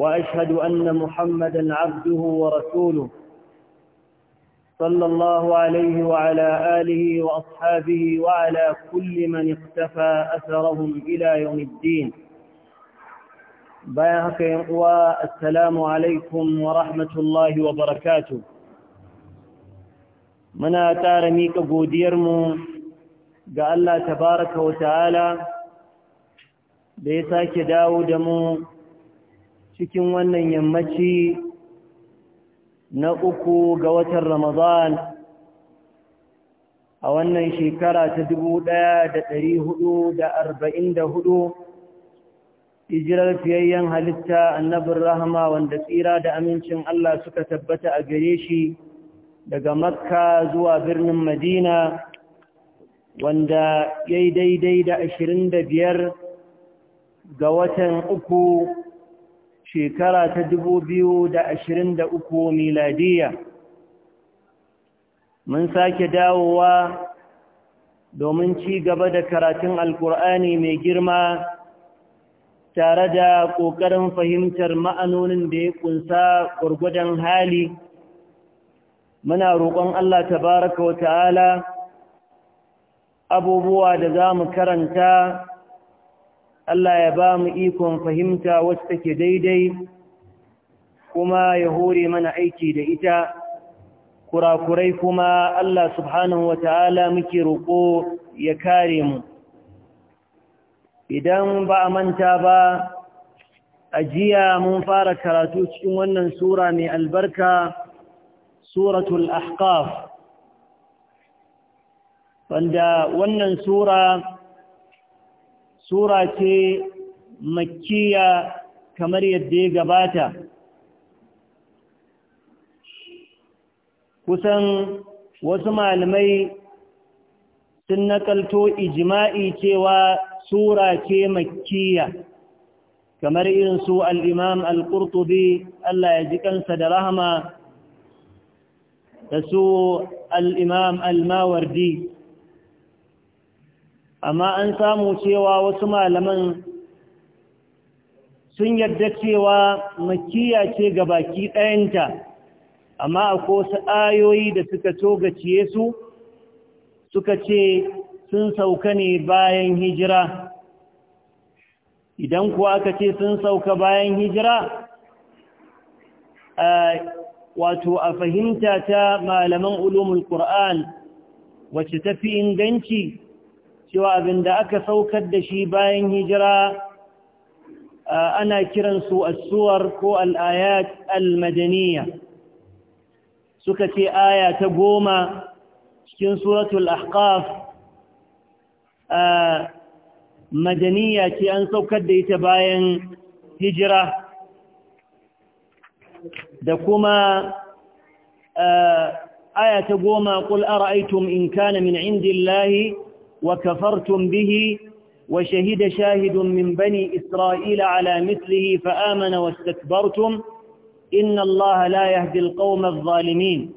وأشهد أن محمدا عبده ورسوله صلى الله عليه وعلى آله وأصحابه وعلى كل من اقتفى أثرهم إلى يوم الدين يقوى السلام عليكم ورحمة الله وبركاته من ƙara miƙa قال الله تبارك وتعالى بيساك ta'ala da cikin wannan yammaci na uku ga watan Ramadan a wannan shekara ta dubu ɗaya da ɗari da arba'in hijirar fiyayyen halitta annabin Rahma wanda tsira da amincin Allah suka tabbata a gare shi daga makka zuwa birnin madina wanda ya daidai da ashirin da biyar ga watan uku shekara ta dubu biyu da ashirin da uku miladiya mun sake dawowa domin ci gaba da karatun alkur'ani mai girma tare da ƙoƙarin fahimtar ma'anonin da ya ƙunsa gwargwadon hali muna roƙon Allah Ta Baraka wa ta'ala abubuwa da za mu karanta Allah ya ba mu ikon fahimta wacce take daidai kuma ya hore mana aiki da ita kurakurai kuma Allah subhanahu wata'ala muke roƙo ya kare mu idan ba a manta ba a jiya mun fara karatu cikin wannan sura mai albarka suratul ahqaf wanda wannan sura sura ce makkiya kamar yadda ya gabata kusan wasu malamai sun nakalto ijima'i cewa sura ce makkiya kamar irin su al'imam al'urtubi Allah ya ji kansa da rahama da su al'imam al-mawardi amma an samu cewa wasu malaman sun yarda cewa makiya ce ga baki ɗayanta amma akwai wasu ayoyi da suka togaciye su suka ce sun sauka ne bayan hijira idan kuwa aka ce sun sauka bayan hijira wato a fahimta ta malaman ulumul kur'an wacce tafi inganci cewa abin da aka saukar da shi bayan hijira ana kiransu asuwar suwar ko al al suka ce aya ta goma cikin suratul ahqaf madaniya ce an saukar da ita bayan hijira da kuma aya ta goma qul ara'aytum in kana min indillahi وكفرتم به وشهد شاهد من بني إسرائيل على مثله فآمن واستكبرتم إن الله لا يهدي القوم الظالمين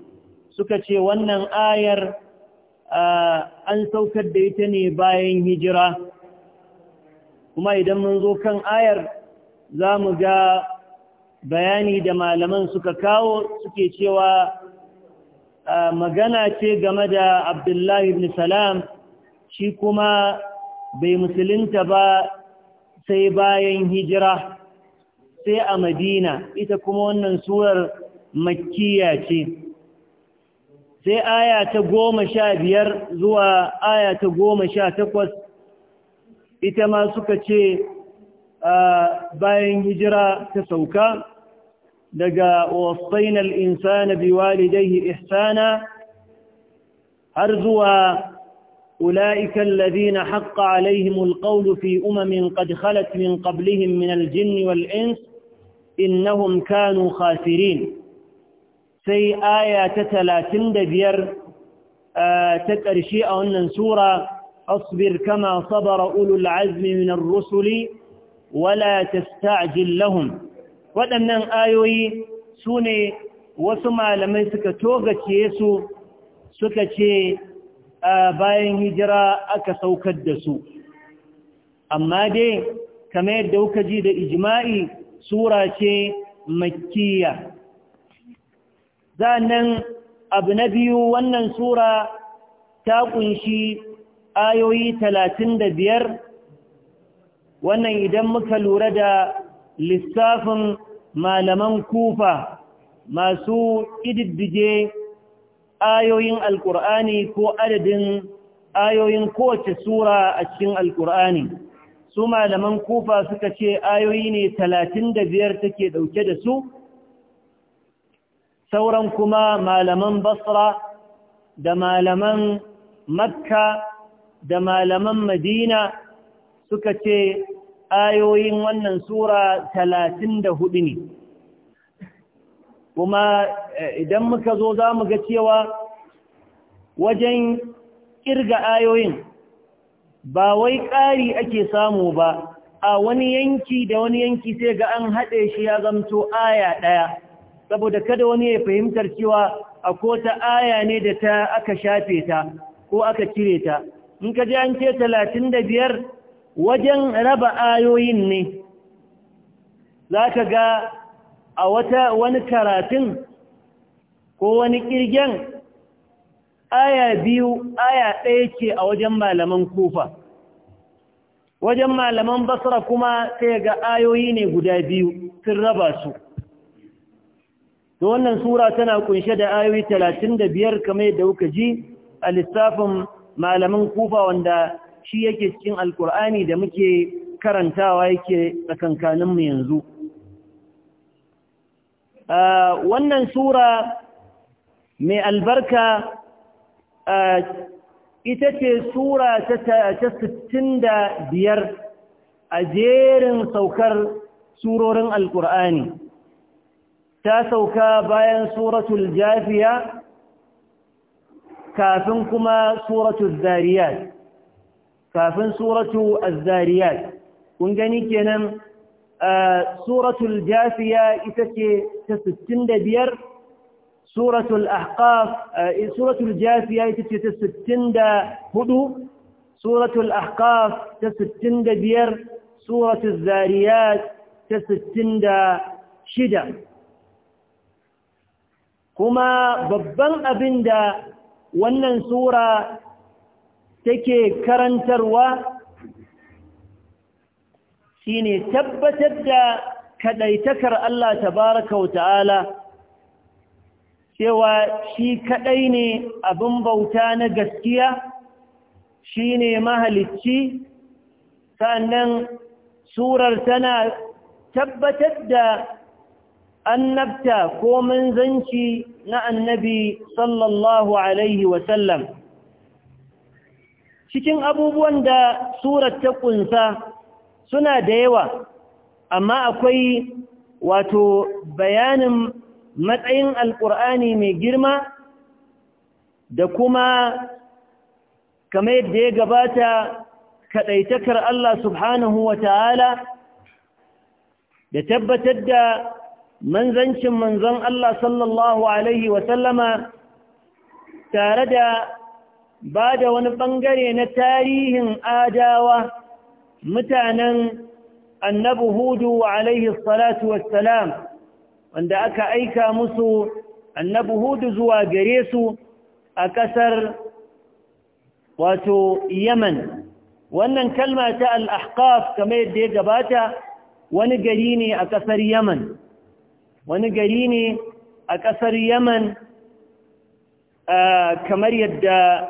سكتي ونن آير an saukar da ita ne bayan hijira kuma idan mun zo kan ayar za mu ga bayani da malaman suka kawo suke cewa magana ce game da abdullahi ibn salam shi kuma bai musulunta ba sai bayan hijira sai a madina ita kuma wannan surar makkiya ce sai aya ta goma sha biyar zuwa aya ta goma sha takwas ita ma suka ce bayan hijira ta sauka daga wasainal insana biwalidaihi ihsana har zuwa أولئك الذين حق عليهم القول في أمم قد خلت من قبلهم من الجن والإنس إنهم كانوا خاسرين سي آية تلاتين دبير آه تترشي أن سورة أصبر كما صبر أولو العزم من الرسل ولا تستعجل لهم ودمنا آية سوني ne لما يسكتوغت يسو togace bayan hijira aka saukar da su amma dai kamar yadda kuka ji da ijma'i sura ce makkiya zanen abu na biyu wannan sura ta ƙunshi ayoyi talatin da biyar wannan idan muka lura da lissafin malaman kufa masu ƙididdige ayoyin alkur'ani ko adadin ayoyin kowace sura a cikin alkur'ani su malaman kufa suka ce ayoyi ne talatin da biyar take ɗauke da su sauran kuma malaman basra da malaman makka da malaman madina suka ce ayoyin wannan sura talatin da hudu ne kuma eh, idan muka zo za mu ga cewa wajen kirga ayoyin ba wai ƙari ake samu ba a wani yanki da wani yanki sai ga an haɗe shi ya zamto aya ɗaya saboda kada wani ya fahimtar cewa a kota aya ne da ta aka shafe ta ko aka cire ta in ka ji an ce talatin da biyar wajen raba ayoyin ne za ka ga a wata wani karatun ko wani kirgen aya biyu aya ɗaya ke a wajen malaman kufa wajen malaman basra kuma sai ga ayoyi ne guda biyu sun raba su da wannan sura tana kunshe da ayoyi talatin da biyar kamar da kuka ji a lissafin malaman kufa wanda shi yake cikin alkur'ani da muke karantawa yake tsakankaninmu yanzu wannan sura mai albarka ita ce sura ta sittin da biyar a jerin saukar surorin alkur'ani ta sauka bayan suratul jafiya kafin kuma suratul zariyat kafin suratul zariyat kun gani kenan suratul jafiya ita ce ta 65 suratul ahqaf suratul jafiya ita ce ta 64 suratul ahqaf ta 65 suratul zariyat ta 66 kuma babban abin da wannan sura take karantarwa shine tabbatar da kadaitakar Allah tabaraka wa ta'ala cewa shi kadai ne abin bauta na gaskiya shine mahalicci sannan surar tana tabbatar da annabta ko manzanci na annabi sallallahu alaihi wasallam cikin abubuwan da surar ta ƙunsa. suna da yawa amma akwai wato bayanin matsayin alƙur'ani mai girma da kuma kamar yadda ya gabata kaɗaitakar Allah subhanahu wa ta'ala da tabbatar da manzancin manzon Allah sallallahu Alaihi wasallama tare da ba da wani ɓangare na tarihin adawa mutanen annabi hudu alaihi salatu wassalam wanda aka aika musu annabi hudu zuwa gare su a ƙasar wato yaman wannan kalma ta al'ahkaf kamar yadda ya gabata wani gari ne a ƙasar yaman wani gari ne a ƙasar yaman kamar yadda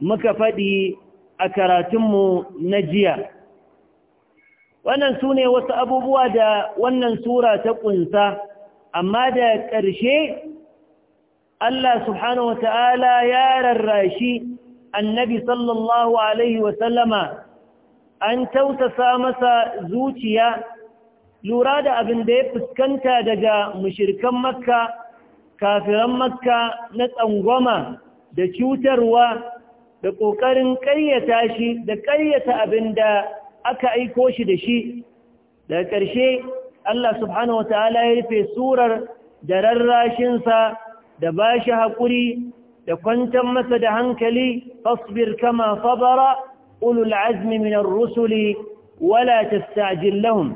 muka faɗi a karatunmu na jiya wannan su ne wasu abubuwa da wannan sura ta ƙunsa amma da ƙarshe Allah subhanahu wata'ala ya rarrashi annabi sallallahu alaihi wasallama an tausasa masa zuciya lura da abin da ya fuskanta daga mushirkan makka kafiran makka na tsangwama da cutarwa da ƙoƙarin ƙayyata shi da ƙaryata abin da aka aiko shi da shi daga ƙarshe Allah subhanahu wataala ya rufe surar da rarrashinsa da ba shi haƙuri da kwantar masa da hankali fasbir kama sabara ulul azmi min rusuli wala tastajil lahum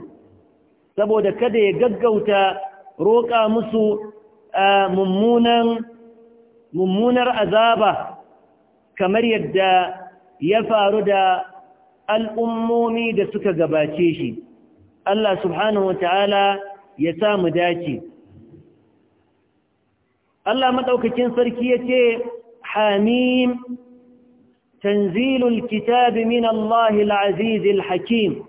saboda kada ya gaggauta roƙa musu mummunan mummunar azaba kamar yadda ya faru da al'ummomi da suka gabace shi Allah subhanahu wa ta'ala ya sa mu dace Allah maɗaukakin sarki yace hamim tanzilul kitabi min Allahil azizil hakim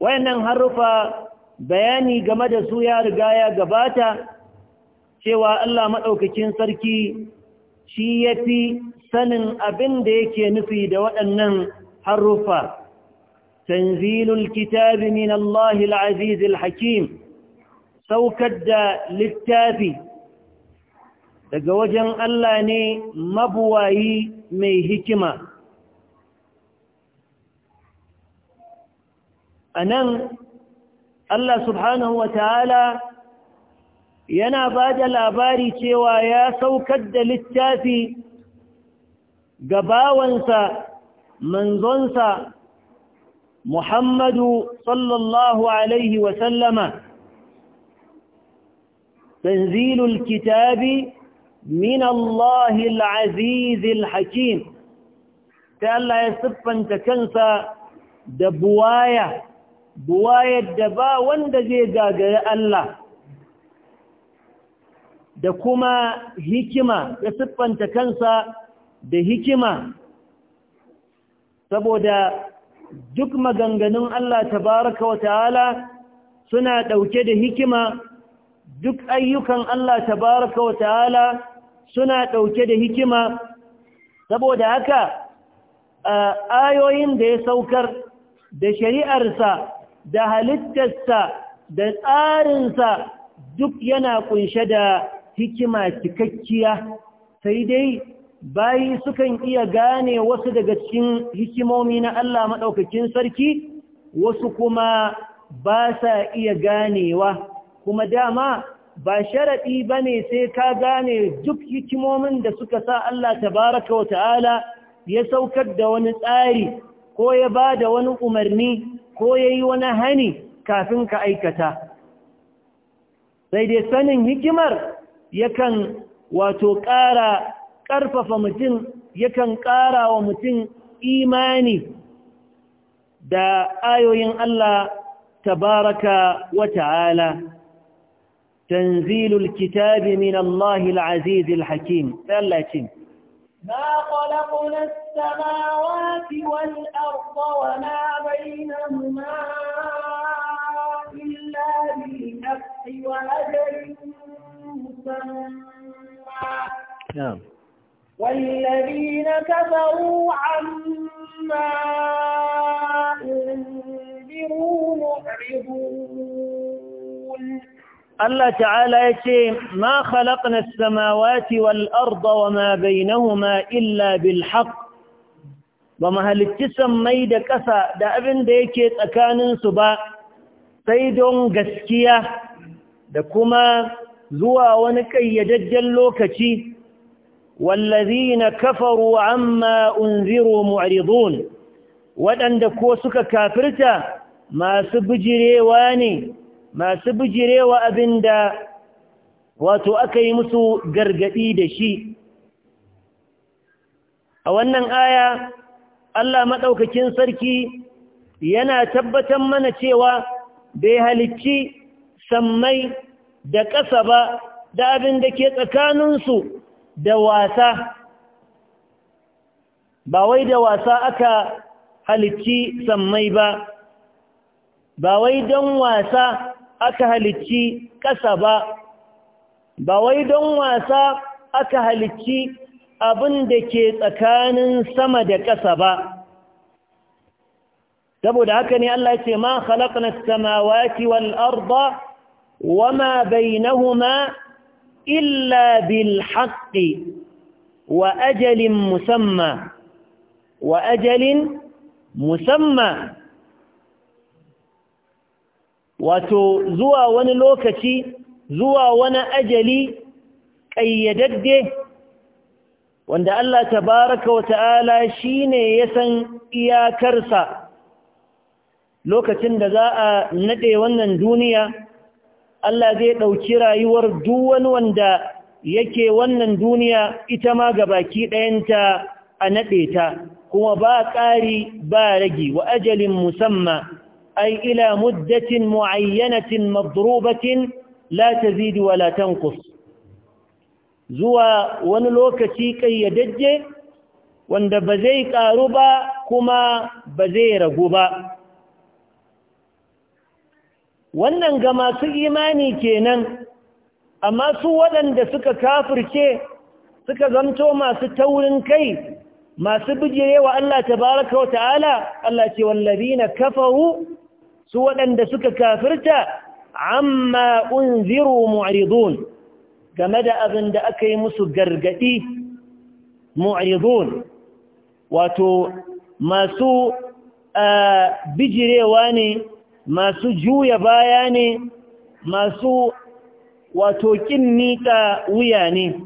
wayannan harufa bayani game da su ya riga ya gabata cewa Allah maɗaukakin sarki shi ya fi sanin abin da yake nufi da waɗannan haruffa tanzilul kitabi min Allah al al-hakim saukar da littafi daga wajen Allah ne mabuwayi mai hikima a nan Allah subhanahu wa ta'ala yana ba da labari cewa ya saukar da littafi gabawansa manzonsa Muhammadu sallallahu alaihi wasallama تنزيل الكتاب من الله العزيز الحكيم تألا يصفا تكنسى دبواية بواية دبا واندجي قاقر الله دكما هكما يصفا تكنسى da hikima saboda duk maganganun Allah tabaraka wa ta'ala suna ɗauke da hikima duk ayyukan Allah tabaraka wa ta'ala suna ɗauke da hikima saboda haka ayoyin da ya saukar da shari'arsa da halittarsa da tsarinsa duk yana kunshe da hikima cikakkiya sai dai bayi sukan iya gane wasu daga cikin hikimomi na Allah maɗaukakin sarki wasu kuma ba sa iya ganewa kuma dama ba sharaɗi ba ne sai ka gane duk hikimomin da suka sa Allah tabaraka wa ta'ala ya saukar da wani tsari ko ya ba da wani umarni ko ya yi wani hani kafin ka aikata sai dai sanin hikimar yakan wato ƙara ƙarfafa mutum yakan ƙara wa mutum imani da ayoyin Allah tabaraka wa ta'ala tanzilul kitabi min Allahil azizil hakim tsallacin ما خلقنا السماوات والأرض وما بينهما إلا بالحق وأجل مسمى نعم والذين كفروا عما أنذروا معرضون الله تعالى يتي ما خلقنا السماوات والأرض وما بينهما إلا بالحق وما هل تسمي دا كسا دا أبن ديكي تكان سبا سيدون قسكية دا كما zuwa wani ƙayyadajjen lokaci والذين كفروا عما أنذروا معرضون waɗanda ko suka kafirta masu bijirewa ne masu bijirewa abin wato aka yi musu gargaɗi da shi a wannan aya Allah maɗaukakin sarki yana tabbatar mana cewa bai halicci sammai da ƙasa ba da abin da ke tsakaninsu da wasa ba wai da wasa aka halicci sammai ba ba wai don wasa aka halicci ƙasa ba ba wai don wasa aka halicci abin da ke tsakanin sama da ƙasa ba saboda haka ne Allah ce ma khalaqna as-samawati wal arda wama bainahuma إلا بالحق وأجل مسمى وأجل مسمى وتو زوا وانا لوكتي زوا وانا أجلي كي يدده وان دا الله تبارك وتعالى شين يسن إيا كرسا لوكتن دا زاء ندي وانا دونيا Allah zai ɗauki rayuwar duk wani wanda yake wannan duniya ita ma ga baki ɗayanta a naɗe ta kuma ba ƙari ba ragi wa ajalin musamma ai ila muddatin mu'ayyanatin madrubatin la tazidu wa la zuwa wani lokaci ƙayyadajje wanda ba zai ƙaru ba kuma ba zai ragu ba wannan ga masu imani kenan amma su waɗanda suka kafirce suka zamto masu taurin kai masu bijirewa Allah tabaraka wa ta'ala Allah ce wallazina kafaru su waɗanda suka kafirta amma unziru mu'ridun game da abin da aka yi musu gargadi mu'ridun wato masu ah, bijirewa ne masu juya baya ne masu wato kin miƙa wuya ne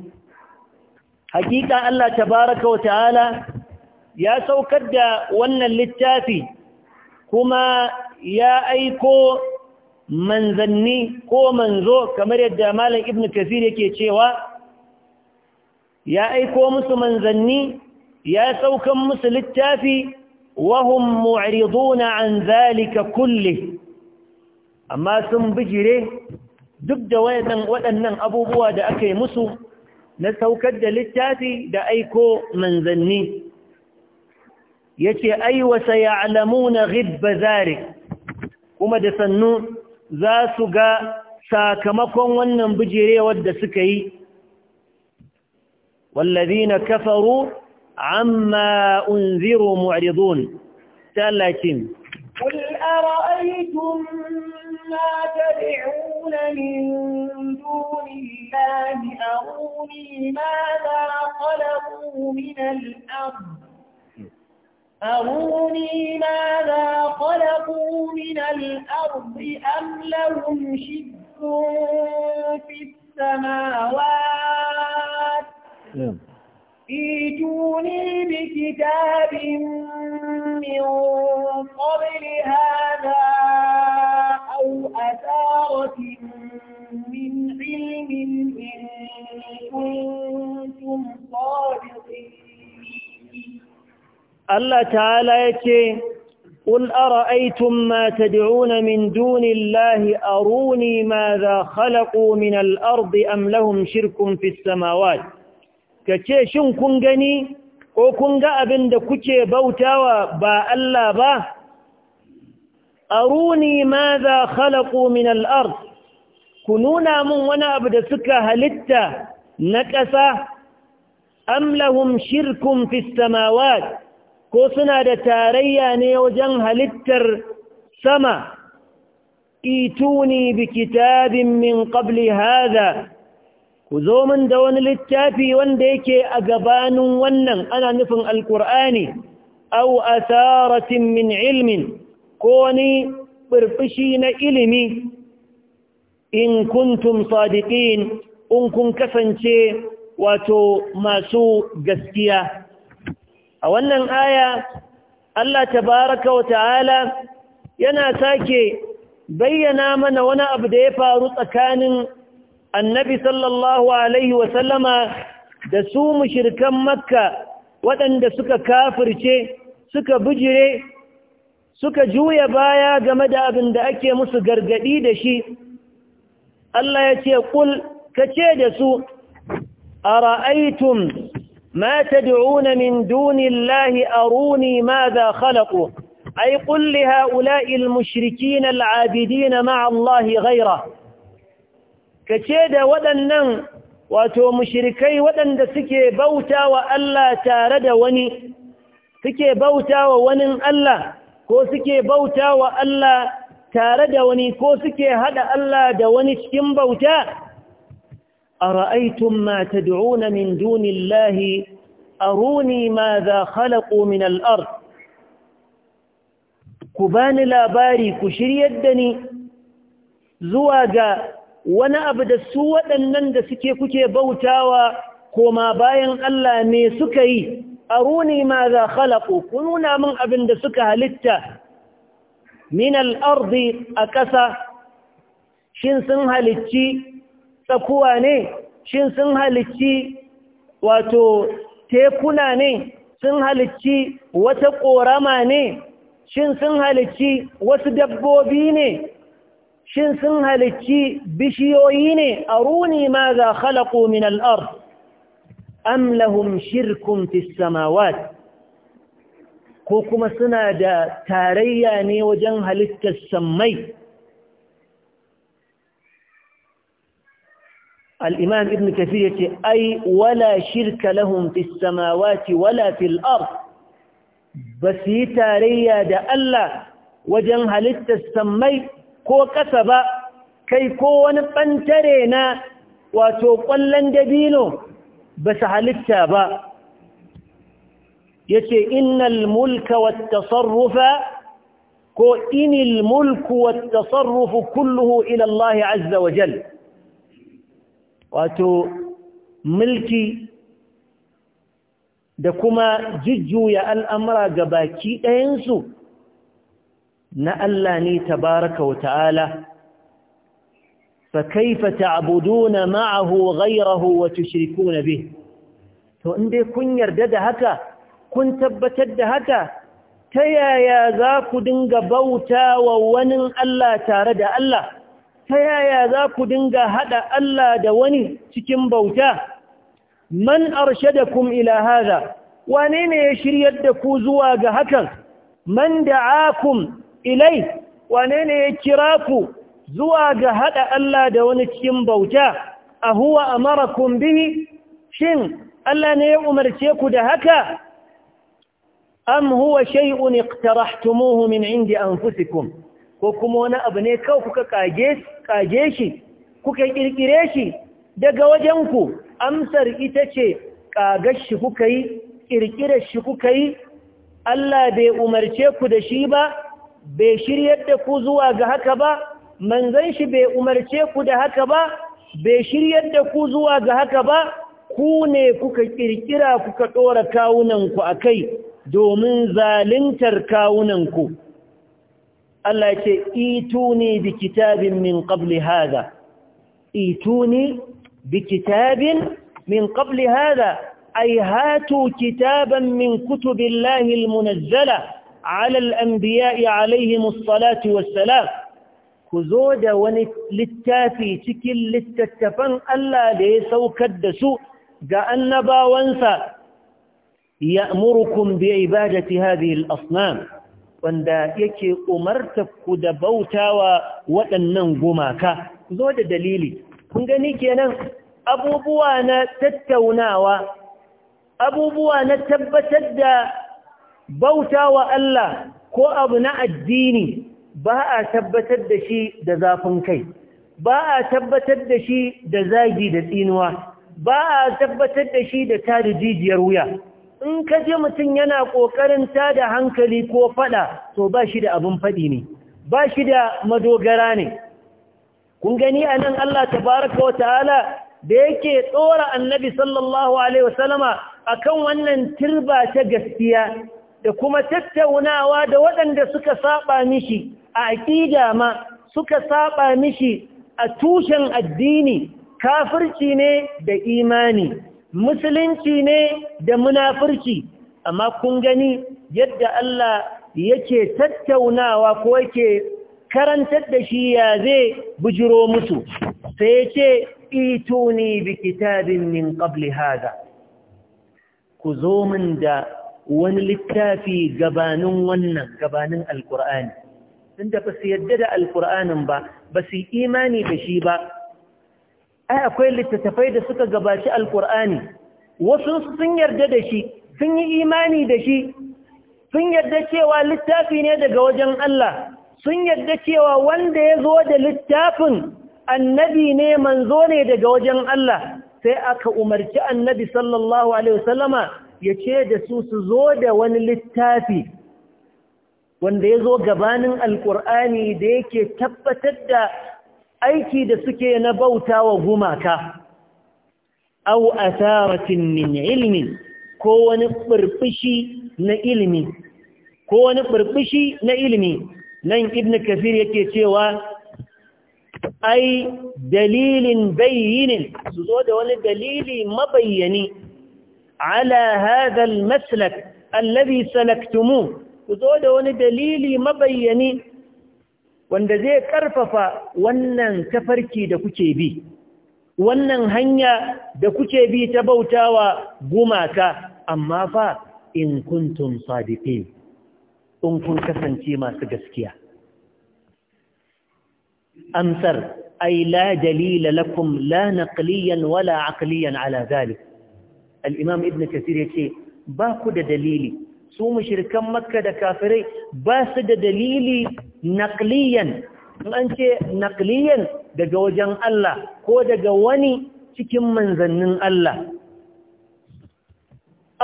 hakika Allah tabaraka wa ta'ala ya saukar da wannan littafi kuma ya aiko manzanni ko manzo kamar yadda malam ibnu kafir yake cewa ya aiko musu manzanni ya saukan musu littafi وهم معرضون عن ذلك كله أما سن بجره دبدا ودنن أبو بوا دا أكي مسو نسوكد للتاتي دا أيكو منزني يتي أي أيوة وسيعلمون غب ذلك كما دا سنو ذا سقا ساكمكم ونن بجره ود سكي والذين كفروا عما أنذروا معرضون ثلاثين قل أرأيتم ما تدعون من دون الله أروني ماذا خلقوا من الأرض أروني ماذا خلقوا من الأرض أم لهم شد في السماوات نعم. ايتوني بكتاب من قبل هذا أو أثارة من علم إن كنتم صادقين الله تعالى يتي قل أرأيتم ما تدعون من دون الله أروني ماذا خلقوا من الأرض أم لهم شرك في السماوات ka ce shin kun gani ko kun ga abin da kuke bautawa ba Allah ba aruni maza khalaqu min al ku nuna mun wani abu da suka halitta na ƙasa amlahum lahum shirkum ko suna da tarayya ne wajen halittar sama ituni bi kitabin min qabli haza ku zo min da wani littafi wanda yake a gabanin wannan ana nufin alkur'ani au asaratin min ilmin ko wani birfishi na ilimi in kuntum sadiqin in kun kasance wato masu gaskiya a wannan aya Allah tabaraka wa ta'ala yana sake bayyana mana wani abu da ya faru tsakanin annabi sallallahu alaihi wasallama da su mushirkan makka waɗanda suka kafirce suka bijire suka juya baya game da abin da ake musu gargaɗi da shi Allah ya ce ƙul ka ce da su a ra'aitun ma ta da'una min dunin lahi a runi ma za khalaƙo ai ƙulli ha'ula'il mashirki na al'abidi na ma'allahi ghaira kace da waɗannan wato mushrikai waɗanda suke bauta wa Allah tare da wani suke bauta wa wani Allah ko suke bauta wa Allah tare da wani ko suke hada Allah da wani cikin bauta ara'aytum أرأيتم ما تدعون من دون الله أروني ماذا خلقوا من الأرض كبان لاباري كشري zuwa ga wani abu da su waɗannan da suke kuke bautawa koma bayan Allah ne suka yi A runi ma za khalaqu ku nuna min abin da suka halitta min al’arzi a ƙasa shin sun halicci tsakuwa ne shin sun halicci wato tekuna ne sun halicci wata ƙorama ne shin sun halicci wasu dabbobi ne شن سنها لتشي بشيويني أروني ماذا خلقوا من الأرض أم لهم شرك في السماوات كوكما سنة دا تارياني وجنها لك السمي الإمام ابن كثيرة أي ولا شرك لهم في السماوات ولا في الأرض بس هي دا ألا وجنها لك السمي ko kasa ba kai ko wani ɓantare na wato ƙwallon dabino ba su halitta ba ya ce innal mulka wata sarrufa ko inil mulku wata sarrufu kulluhu ilallahi azza wa jal wato mulki da kuma jujjuya al'amura ga baki ɗayensu na Allah ne tabaraka wa ta'ala fa kaifa ta'buduna ma'ahu ghayrahu wa tushrikuna bih to dai kun yarda da haka kun tabbatar da haka ta yaya za ku dinga bautawa wani Allah tare da Allah ta yaya za ku dinga hada Allah da wani cikin bauta man arshadakum ila hadha wane ne ya shiryar da ku zuwa ga hakan man da'akum ilai wane ne ya kira ku zuwa ga haɗa Allah da wani cikin bauta a huwa a mara bihi shin Allah ne ya umarce ku da haka am huwa shay'un iqtarahtumuhu min indi anfusikum ko kuma wani abu ne kawai kuka kage kage shi kuka kirkire shi daga wajen ku amsar ita ce kagar shi kuka yi kirkirar shi kuka yi Allah bai umarce ku da shi ba bai shiryar da ku zuwa ga haka ba manzon shi bai umarce ku da haka ba bai shiryar da ku zuwa ga haka ba ku ne kuka ƙirƙira kuka ɗora kawunanku a kai domin zalintar kawunanku Allah ce, ce ituni bi kitabin min qabli hada ituni bi kitabin min qabli hada ai hatu kitaban min kutubillahi munazzala. على الأنبياء عليهم الصلاة والسلام كزود وللتافي تكل للتتفن ألا ليسوا كدسوا قأن باونسا يأمركم بعبادة هذه الأصنام wanda yake umarta ku da bautawa waɗannan gumaka zo da dalili kun gani kenan abubuwa na tattaunawa abubuwa na tabbatar da bauta wa Allah ko abu na addini ba a tabbatar da shi da zafin kai ba a tabbatar da shi da zagi da tsinuwa ba a tabbatar da shi da tada jijiyar wuya in ka je mutum yana ƙoƙarin tada hankali ko faɗa to ba shi da abin faɗi ne ba shi da madogara ne kun gani a nan Allah tabaraka wa ta'ala da yake tsora annabi sallallahu alaihi wasallama akan wannan turba ta gaskiya da kuma tattaunawa da waɗanda suka saba mishi a aƙida ma suka saba mishi a tushen addini kafirci ne da imani musulunci ne da munafirci amma kun gani yadda Allah yake tattaunawa ko yake karantar da shi ya zai bujiro musu sai ce ituni bi kitabin min qabli hada ku zo min da wani littafi gabanin wannan gabanin alkur'ani inda ba su yadda da alkur'anin ba ba su yi imani da shi ba ai akwai littattafai da suka gabaci alkur'ani wasu sun yarda da shi sun yi imani da shi sun yarda cewa littafi ne daga wajen Allah sun yarda cewa wanda ya zo da littafin annabi ne manzo ne daga wajen Allah sai aka umarci annabi sallallahu alaihi wasallama ya ce da su su zo da wani littafi wanda ya zo gabanin alƙur'ani da yake tabbatar da aiki da suke na bauta wa gumaka au asaratin min ilmi ko wani burbushi na ilmi ko wani burbushi na ilmi nan ibn kafir yake cewa ai dalilin bayyinin su zo da wani dalili mabayyani على هذا المسلك الذي سلكتموه da وني دليلي مبيني wanda zai karfafa wannan tafarki da kuke bi wannan hanya da kuke bi ta bautawa gumaka amma fa in kuntum sadiqin in kun kasance masu gaskiya amsar ay la dalila lakum la naqliyan wala aqliyan ala zalik al-imam ibn kathir ce, ba ku da dalili su mushrikan makka da kafirai ba su da dalili naqliyan an ce naqliyan daga wajen Allah ko daga wani cikin manzannin Allah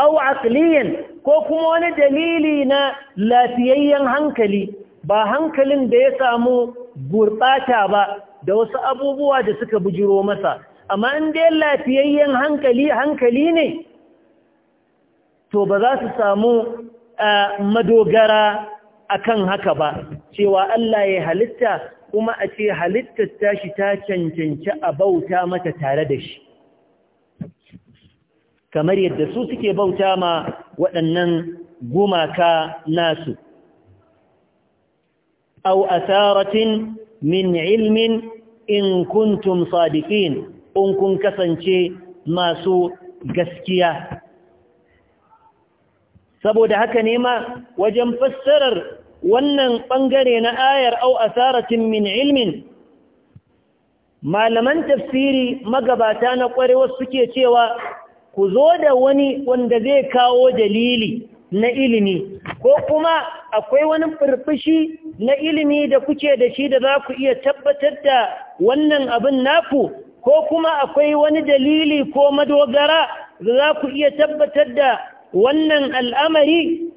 aw aqliyan ko kuma wani dalili na lafiyayyen hankali ba hankalin da ya samu gurbata ba da wasu abubuwa da suka bujiro masa amma in dai lafiyayyen hankali hankali ne to ba za su samu madogara akan haka ba cewa Allah ya halitta kuma a ce halittar tashi ta cancanci a bauta mata tare da shi kamar yadda su suke bauta ma waɗannan gumaka nasu au asaratin min ilmin in kuntum sadiqin in kun kasance masu gaskiya saboda haka ne ma wajen fassarar wannan ɓangare na ayar au asaratin min ilmin malaman tafsiri magabata na ƙwarewar suke cewa ku zo da wani wanda zai kawo dalili na ilimi ko kuma akwai wani furfushi na ilimi da kuke da shi da za ku iya tabbatar da wannan abin naku ko kuma akwai wani dalili ko madogara da za ku iya tabbatar da wannan al'amari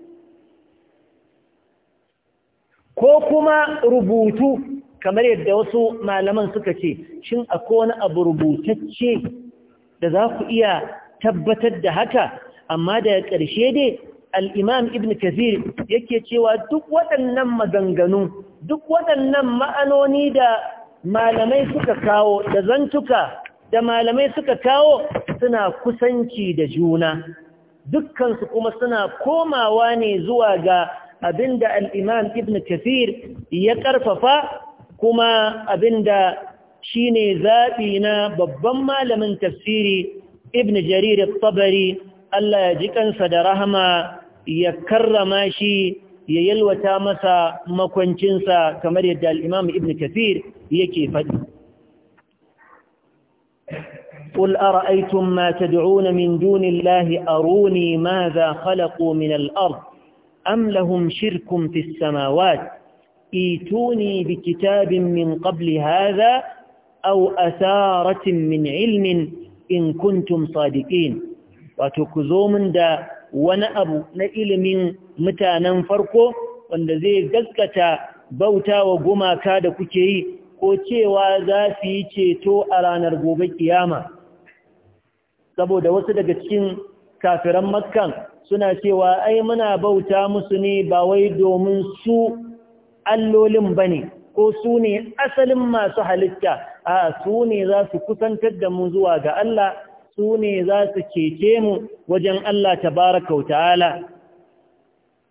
ko kuma rubutu kamar yadda wasu malaman suka ce shin akwai wani abu rubutacce da za ku iya tabbatar da haka amma da ƙarshe dai al'imam ibn kazir yake cewa duk waɗannan maganganu duk waɗannan ma'anoni da malamai suka kawo da zantuka da malamai suka kawo suna kusanci da juna dukkansu kuma suna komawa ne zuwa ga abinda al'imam ibn kafir ya ƙarfafa kuma abinda shi ne zaɓi na babban malamin tafsiri ibn jarir tabari Allah ya ji kansa da rahama ya karrama shi ya yalwata masa makwancinsa kamar yadda al'imam ibn kafir yake faɗi. قل أرأيتم ما تدعون من دون الله أروني ماذا خلقوا من الأرض أم لهم شرك في السماوات إيتوني بكتاب من قبل هذا أو أثارة من علم إن كنتم صادقين وتكذوم دا ونأب نئل من mutanen farko wanda zai gaskata bauta wa gumaka da kuke yi ko cewa za su yi ceto a ranar gobe kiyama saboda wasu daga cikin kafiran makkan suna cewa ai muna bauta musu ne ba wai domin su allolin ba ne ko su ne asalin masu halitta a su ne za su kusantar da mu zuwa ga Allah su ne za su keke mu wajen Allah tabaraka wa ta'ala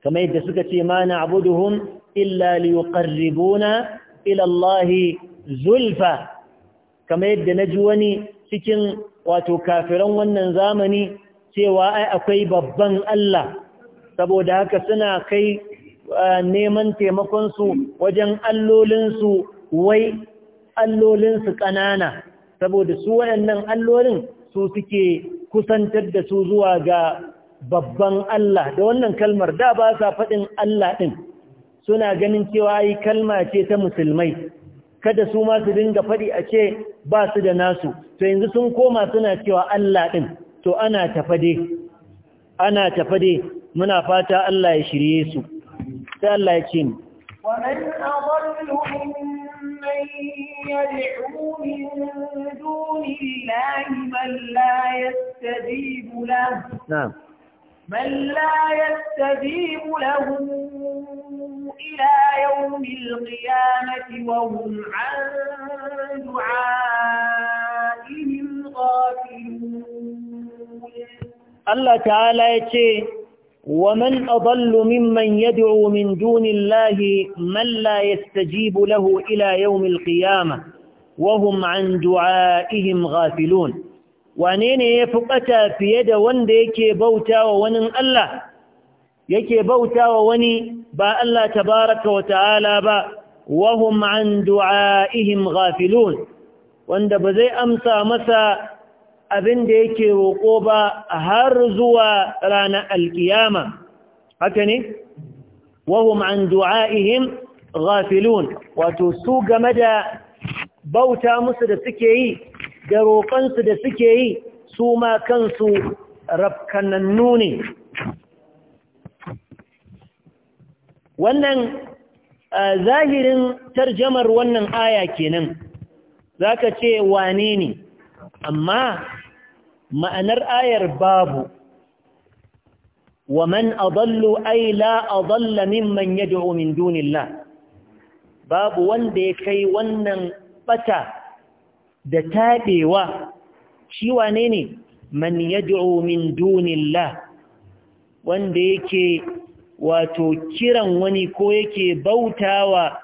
kamar yadda suka ce ma na'buduhum illa liyuqarribuna ila Allah zulfa kamar yadda ji wani cikin wato kafiran wannan zamani cewa ai akwai babban Allah saboda haka suna kai neman taimakonsu wajen allolinsu wai allolinsu ƙanana saboda su waɗannan allolin su suke kusantar da su zuwa ga babban Allah da wannan kalmar da ba sa faɗin Allah ɗin suna ganin cewa yi kalma ce ta musulmai kada su ma su dinga faɗi a ce ba su da nasu to yanzu sun koma suna cewa Allah ɗin to ana tafade ana tafade muna fata Allah ya shirye su sai Allah ya ce ni ومن يدعو من دون الله من لا يستجيب له نعم من لا يستجيب له إلى يوم القيامة وهم عن دعائهم غافلون الله تعالى يتشي ومن أضل ممن يدعو من دون الله من لا يستجيب له إلى يوم القيامة وهم عن دعائهم غافلون wane ne ya fi ɓata fiye da wanda yake bauta wa wani Allah yake bauta wa wani ba Allah tabaraka wa ta'ala ba wahum du'a ihim gafilun. wanda ba zai amsa masa abin da yake roƙo ba har zuwa ranar alkiyama haka ne wahum du'a ihim gafilun. wato su game da bauta musu da suke yi da roƙonsu da suke yi su ma kansu rafkanannu ne wannan zahirin tarjamar wannan aya kenan zaka ce wane ne amma ma'anar ayar babu ومن أضل أي لا أضل ممن يدعو من دون الله babu wanda ya kai wannan ɓata. da taɓewa shi wane ne man yad'u min dunillah wanda yake wato kiran wani ko yake bautawa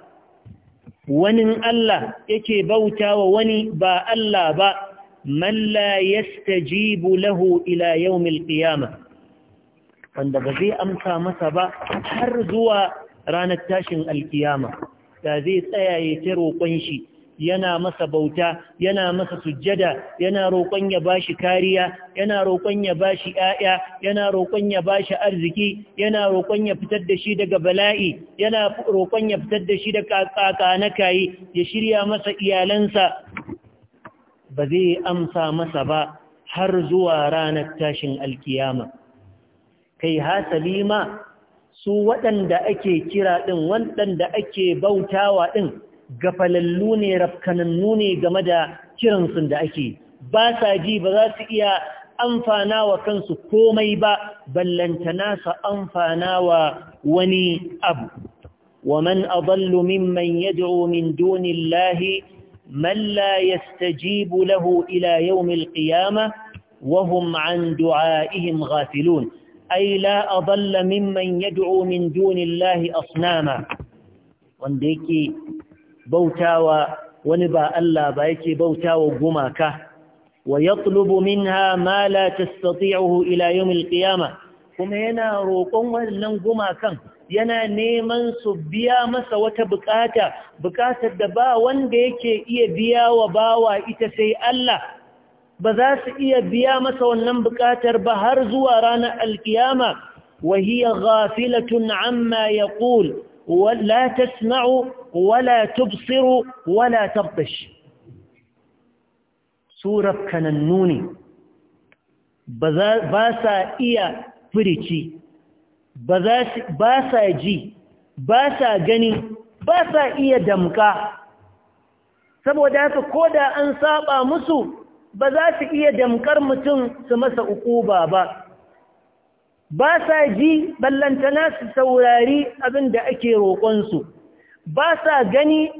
wani Allah yake bautawa wani ba Allah ba man la yastajibu lahu ila yawmil qiyamah wanda ba zai amsa masa ba har zuwa ranar tashin alkiyama da zai tsaya ya ta roƙon shi yana masa bauta yana masa sujjada yana roƙon ya bashi kariya yana roƙon ya bashi ƴaƴa yana roƙon ya bashi arziki yana roƙon ya fitar da shi daga bala'i yana roƙon ya fitar da shi daga kakanakai ya shirya masa iyalansa ba zai amsa masa ba har zuwa ranar tashin alkiyama kai hasali ma su waɗanda ake kira ɗin waɗanda ake bautawa ɗin gafalallu ne rafkanannu ne game da kiransu da ake ba sa ji ba za su iya amfana wa kansu komai ba ballantana su amfana wa wani abu ومن أضل ممن يدعو من دون الله من لا يستجيب له إلى يوم القيامة وهم عن دعائهم غافلون أي لا أضل ممن يدعو من دون الله أصناما وانديكي bautawa wani ba Allah ba yake bautawa gumaka wa yatlubu minha ma la tastati'uhu ila yawm al-qiyamah kuma yana roƙon wannan gumakan yana neman su biya masa wata bukata bukatar da ba wanda yake iya biya wa bawa ita sai Allah ba za su iya biya masa wannan bukatar ba har zuwa ranar alkiyama وهي غافلة amma يقول ولا تسمع ولا تبصر ولا تبطش سورة كننوني باسا إيا فريتي باسا جي باسا جني باسا إيا دمكا سبو haka ko da مسو باسا musu دمكار متن su iya damkar ba sa ji ballantana su saurari abin da ake roƙonsu ba sa gani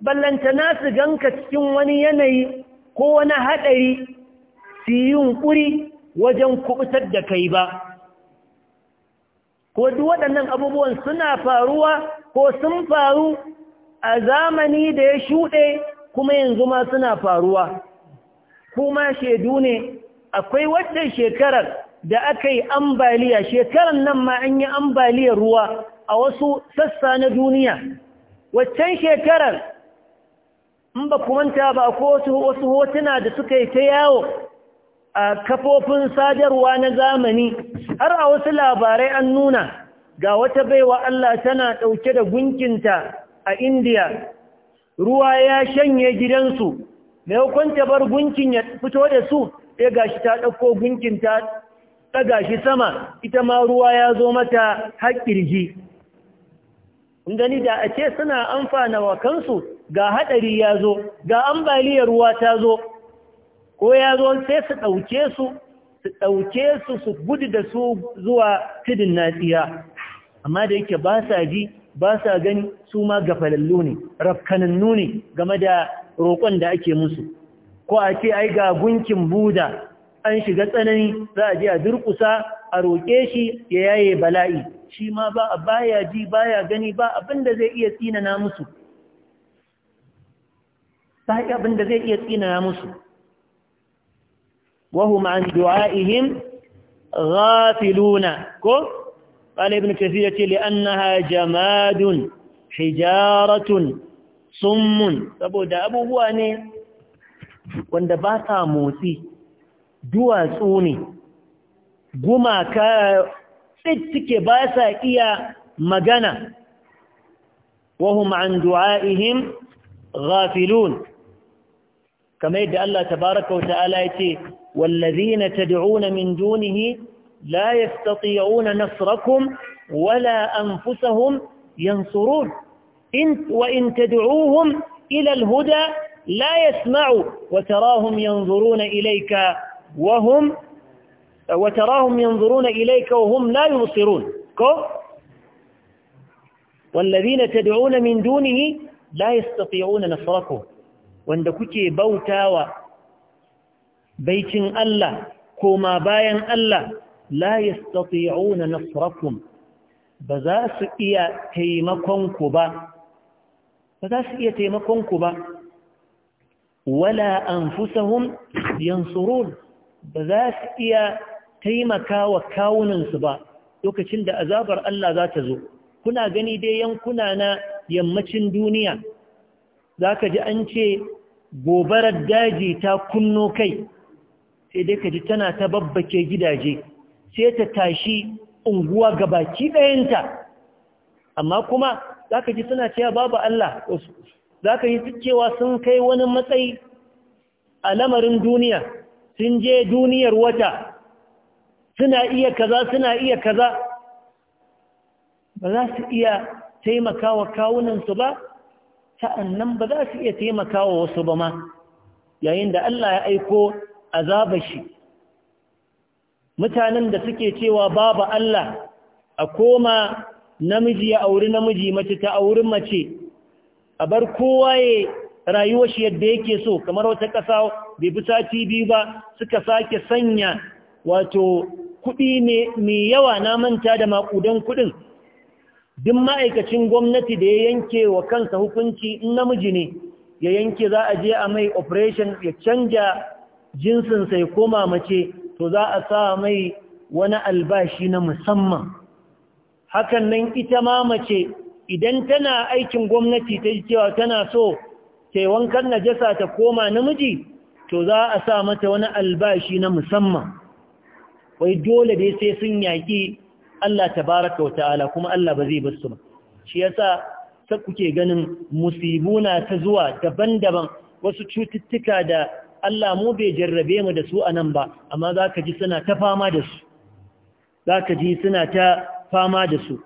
ballantana su ganka cikin wani yanayi ko wani haɗari su yi yunƙuri wajen kubutar da kai ba ko duk waɗannan abubuwan suna faruwa ko sun faru a zamani da ya shuɗe kuma yanzu ma suna faruwa kuma shaidu ne akwai wacce shekarar da aka yi ambaliya shekarar nan ma an yi ambaliyar ruwa a wasu sassa na duniya waccan shekarar in ba kumanta ba ko wasu hotuna da suka yi ta yawo a kafofin sadarwa na zamani har a wasu labarai an nuna ga wata baiwa Allah tana ɗauke da gunkinta a indiya ruwa ya shanye gidansu mai hukunta bar gunkin ya fito da su ya gashi ta ɗauko gunkin ta ɗaga shi sama ita ma ruwa ya zo mata haƙƙirji gani da a ce suna amfana wa kansu ga haɗari ya zo ga ambaliyar ruwa ta zo ko ya zo sai su ɗauke su su ɗauke su su gudu da su zuwa tudun Nasiya. amma da yake ba sa ji ba sa gani su ma gafalallu ne rafkanannu ne game da roƙon da ake musu ko a ce ai ga gunkin buda an shiga tsanani za a je a durƙusa a roƙe shi ya yaye bala'i shi ma ba a baya ji baya gani ba abin zai iya tsinana musu sai abin zai iya tsinana musu wahum an du'a'ihim ghafiluna ko qala ibn kathir yace li annaha jamadun hijaratun summun saboda abubuwa ne wanda ba ta motsi duwatsu ne gumaka tsit suke ba sa iya magana wahum an du'a'ihim ghafilun kamar yadda Allah tabaraka wa ta'ala yace wallazina tad'una min dunihi la yastati'una nasrakum wala anfusahum yansurun in wa in tad'uuhum ila al-huda la yasma'u wa tarahum yanzuruna ilayka وهم وتراهم ينظرون إليك وهم لا يبصرون كو والذين تدعون من دونه لا يستطيعون نصركم wanda kuke bautawa baitin Allah koma bayan Allah la yastati'una nasrakum ba za su iya taimakon ku ba ba za su iya taimakon ku ba wala ba za su iya taimaka wa kawuninsu ba lokacin da azabar Allah za ta zo kuna gani dai yankuna na yammacin duniya za ka ji an ce gobarar daji ta kunno kai sai dai ka ji tana ta babbake gidaje sai ta tashi unguwa ga baki ɗayanta amma kuma za ka ji suna cewa babu Allah za ka yi cewa sun kai wani matsayi a lamarin duniya sun je duniyar wata suna iya kaza suna iya kaza ba za su iya taimakawa kawunansu ba sa'annan ba za su iya taimakawa wasu ba ma yayin da Allah ya aiko azaba shi mutanen da suke cewa babu Allah a koma namiji ya auri namiji mace ta auri mace a bar kowa ya rayuwar shi yadda yake so kamar wata ƙasa bai bi sati biyu ba suka sake sanya wato kuɗi mai yawa na manta da maƙudan kuɗin duk ma'aikacin gwamnati da ya yanke wa kansa hukunci in namiji ne ya yanke za a je a mai operation ya canja jinsinsa ya koma mace to za a sa mai wani albashi na musamman hakan nan ita ma mace idan tana aikin gwamnati ta ji cewa tana so ke wankan najasa ta koma namiji to za a sa mata wani albashi na musamman wai dole dai sai sun yaƙi Allah tabaraka wa ta'ala kuma Allah ba zai basu ba shi yasa sai kuke ganin musibuna ta zuwa daban-daban wasu cututtuka da Allah mu bai jarrabe mu da su a nan ba amma zaka ji suna ta fama da su zaka ji suna ta fama da su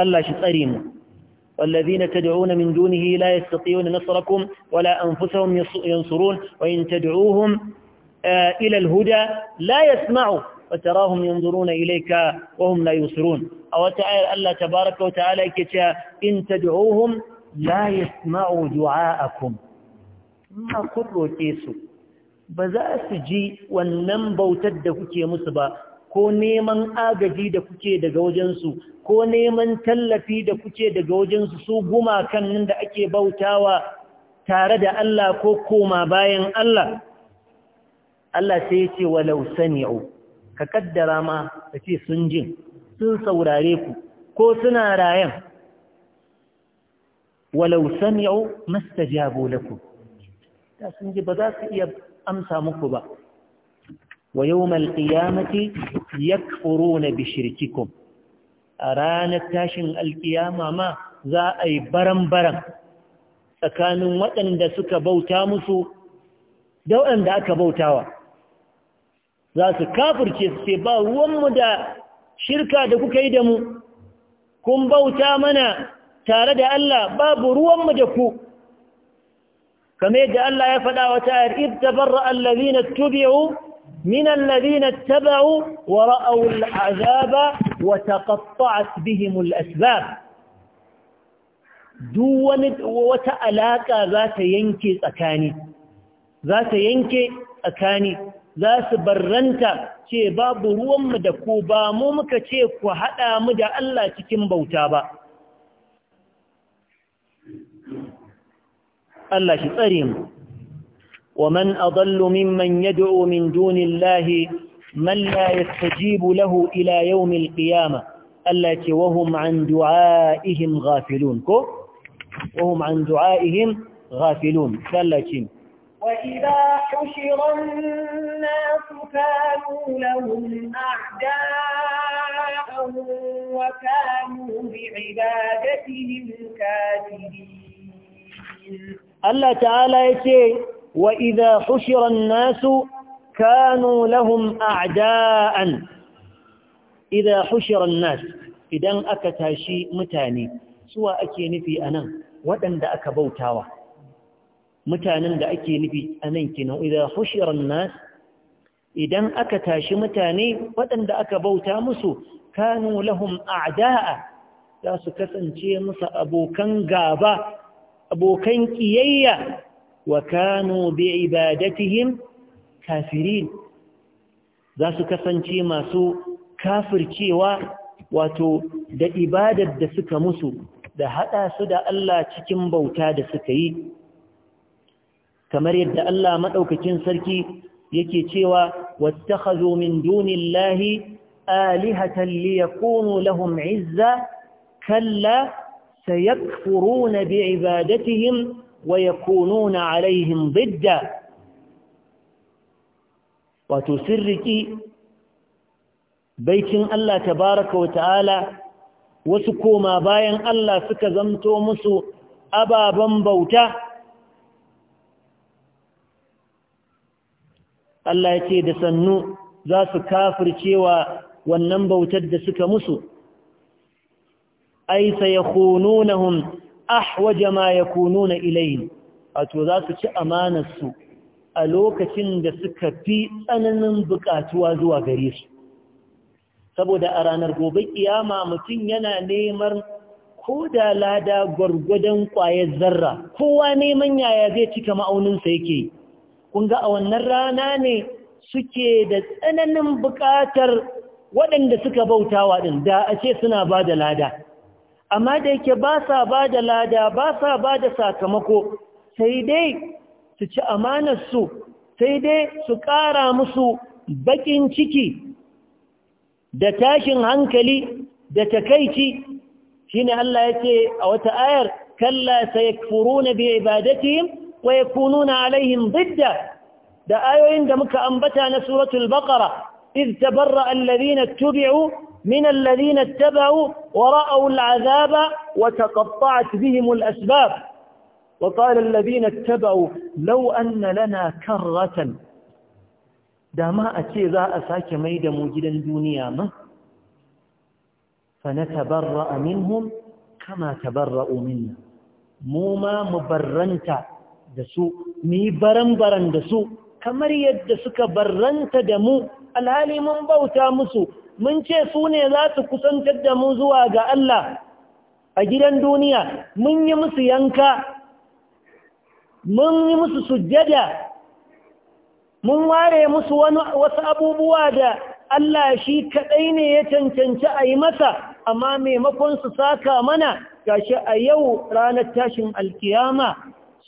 Allah shi tsare mu والذين تدعون من دونه لا يستطيعون نصركم ولا أنفسهم ينصرون وإن تدعوهم آه، إلى الهدى لا يسمعوا وتراهم ينظرون إليك وهم لا يبصرون أو تعالى الله تبارك وتعالى كتا إن تدعوهم لا يسمعوا دعاءكم ما قروا كيسوا بذا سجي وننبو تدفك يا مصبا ko neman agaji da kuke daga wajensu ko neman tallafi da kuke daga wajensu su kan nan da ake bautawa tare da Allah ko koma bayan Allah Allah sai ya ce walau sami'u ka kaddara ma ka ce sun jin sun saurare ku ko suna rayan walau sami'u mastajabu lakum ta sun ji ba za su iya amsa muku ba wa yawmal qiyamati yakfuruna bi shirkikum a ranar tashin alkiyama ma za a yi baran-baran tsakanin waɗanda suka bauta musu da waɗanda aka bautawa za su kafirce su ce ba ruwanmu da shirka da kuka yi da mu kun bauta mana tare da Allah babu ruwanmu da ku kamar da Allah ya faɗa wata ayar ibtabarra allazina tubi'u من الذين اتبعوا ورأوا العذاب وتقطعت بهم الأسباب دون وتألاك ذات ينكي أكاني ذات ينكي أكاني ذات برنتا شيء باب روم دكوبا ممك شيء وحتى مدى ألا تكم بوتابا ألا شيء ومن أضل ممن يدعو من دون الله من لا يستجيب له إلى يوم القيامة التي وهم عن دعائهم غافلون كو وهم عن دعائهم غافلون ثلاثين وإذا حشر الناس كانوا لهم أعداء وكانوا بعبادتهم كافرين الله تعالى يتيه وإذا حشر الناس كانوا لهم أعداء إذا حشر الناس إذا أكتاشي متاني سوى أكي نفي أنا ودن دا أكبوتاوة متانا دا أكي نفي أنينكن إذا حشر الناس إذا أكتاشي متاني ودن دا أكبوتا مسو كانوا لهم أعداء لا سكسن شيء مسا أبو كان غابا أبو كان كيييا وكانوا بعبادتهم كافرين ذا سكسنتي ما سو كافر كيوا واتو ده عبادة ده سكا مسو ده هدا سدى الله تكيم بوتا ده سكي كما يدى الله مدعوك تنسركي يكي كيوا واتخذوا من دون الله آلهة ليكونوا لهم عزة كلا سيكفرون بعبادتهم Wa ويكونون عليهم ضدا وتسرك baitin Allah tabaraka wa ta'ala wasu koma bayan Allah suka zamto musu ababen bauta Allah ya ce da sannu za su kafircewa wannan bautar da suka musu ai sayahununahum ahwaja ma yakununa ilayhi wato za su ci amanarsu a lokacin da suka fi tsananin bukatuwa zuwa gare su saboda a ranar gobe kiyama mutum yana neman ko da lada gwargwadon kwayar zarra kowa neman yaya zai cika ma'auninsa yake kun ga a wannan rana ne suke da tsananin bukatar waɗanda suka bautawa ɗin da a ce suna ba da lada amma da yake ba sa ba da lada ba sa ba da sakamako sai dai su ci amanarsu sai dai su ƙara musu baƙin ciki da tashin hankali da takaici shi ne Allah ya ce a wata ayar kalla sai furu na ibadatihim wa ya alaihim bidda da ayoyin da muka ambata na suratul baƙara iz tabarra allazina tubi'u من الذين اتبعوا ورأوا العذاب وتقطعت بهم الأسباب وقال الذين اتبعوا لو أن لنا كرة داما أتي ذا أساك ميد موجدا دنيا ما فنتبرأ منهم كما تبرأوا منا موما مبرنتا دسو مي برنبرن دسو kamar yadda برنتا دمو da mu alhali mun mun ce su ne za su kusantar da mu zuwa ga Allah a gidan duniya mun yi musu yanka mun yi musu sujjada mun ware musu wasu abubuwa da Allah shi kaɗai ne ya cancanci a yi masa amma maimakon su saka mana gashi a yau ranar tashin alkiyama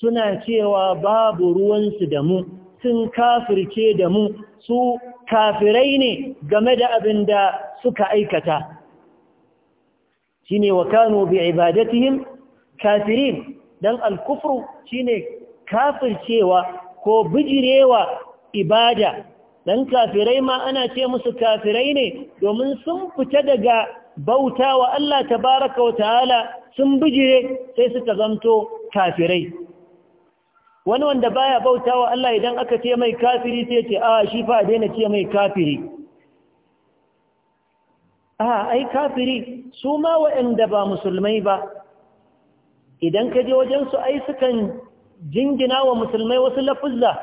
suna cewa babu ruwansu da mu sun kafirce da mu su kafirai ne game da abin da suka aikata shi ne wa kano bi ibadatihim kafirin don alkufru shi ne kafircewa ko bijirewa ibada don kafirai ma ana ce musu kafirai ne domin sun fita daga bauta wa Allah baraka wa ta'ala sun bijire sai suka zamto kafirai wani wanda baya bautawa Allah idan aka ce mai kafiri sai ce a ah, shi fa daina ce mai kafiri a ah, ai kafiri su ma waɗanda ba musulmai ba idan ka je wajen su ai sukan jingina wa musulmai wasu lafuzza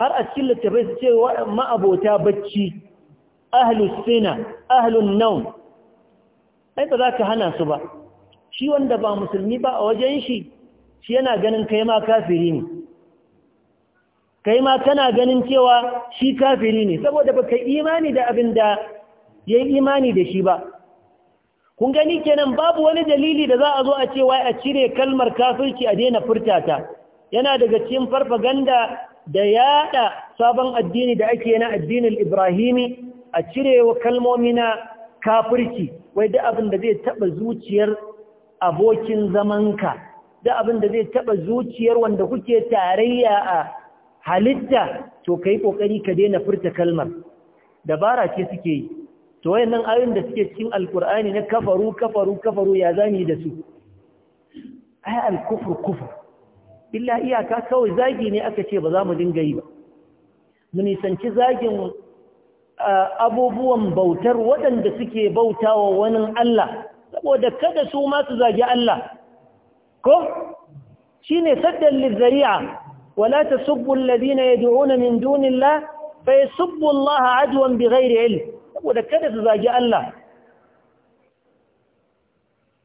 har a cikin littafai su ce ma'abota bacci ahlus sina ahlun naum ai ba za ka hana su ba shi wanda ba musulmi ba a wajen shi shi yana ganin kai ma kafiri ne kai ma kana ganin cewa shi kafiri ne saboda baka imani da abin da ya imani da shi ba kun gani kenan babu wani dalili da za a zo a ce wai a cire kalmar kafirci a daina furtata yana daga cikin farfaganda da yada sabon addini da ake na addinin ibrahimi a cire wa kalmomi na kafirci wai da abin da zai taba zuciyar abokin zamanka da abin da zai taba zuciyar wanda kuke tarayya a halitta to ka yi ƙoƙari ka daina furta kalmar dabara ce suke yi to wayannan ayoyin da suke cikin alkur'ani na kafaru kafaru kafaru ya zani da su ai alkufur kufur illa iyaka kawai zagi ne aka ce ba za mu dinga yi ba mu nisanci zagin abubuwan bautar waɗanda suke bautawa wani Allah saboda kada su ma su zagi Allah ko shine saddan lizari'a ولا تسبوا الذين يدعون من دون الله فيسبوا الله عدوا بغير علم saboda kada su zagi Allah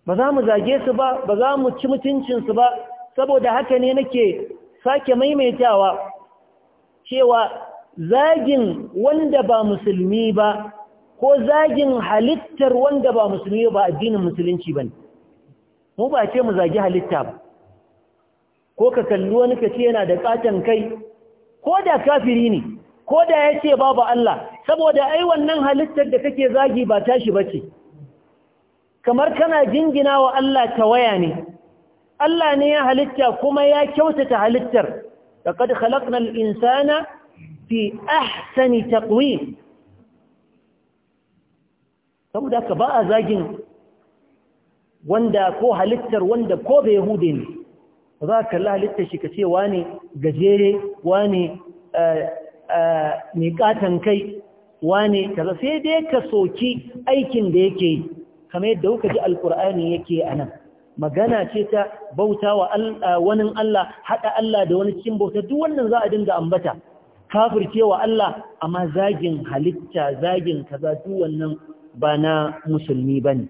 ba za mu zage su ba ba za mu ci mutuncinsu ba saboda haka ne nake sake maimaitawa cewa zagin wanda ba musulmi ba ko zagin halittar wanda ba musulmi ba addinin musulunci ba mu ba ce mu zagi halitta ba ko ka kalli wani ka ce yana da katan kai ko da kafiri ne ko da ya ce babu Allah saboda ai wannan halittar da kake zagi ba tashi bace kamar kana jingina wa Allah ta waya ne Allah ne ya halitta kuma ya kyautata halittar laqad al insana fi ahsani taqwim saboda ka ba a zagin wanda ko halittar wanda ko bai hude ne za ka kalli halittar shi ka ce wane gajere wane eh, eh, mai katon kai wane kaza sai dai ka soki aikin da yake yi kamar yadda kuka ji alkur'ani yake a nan magana ce ta bauta wa eh, wani Allah haɗa Allah da wani cikin bauta duk wannan za a dinga ambata wa Allah amma zagin halitta zagin kaza duk wannan ba na musulmi bane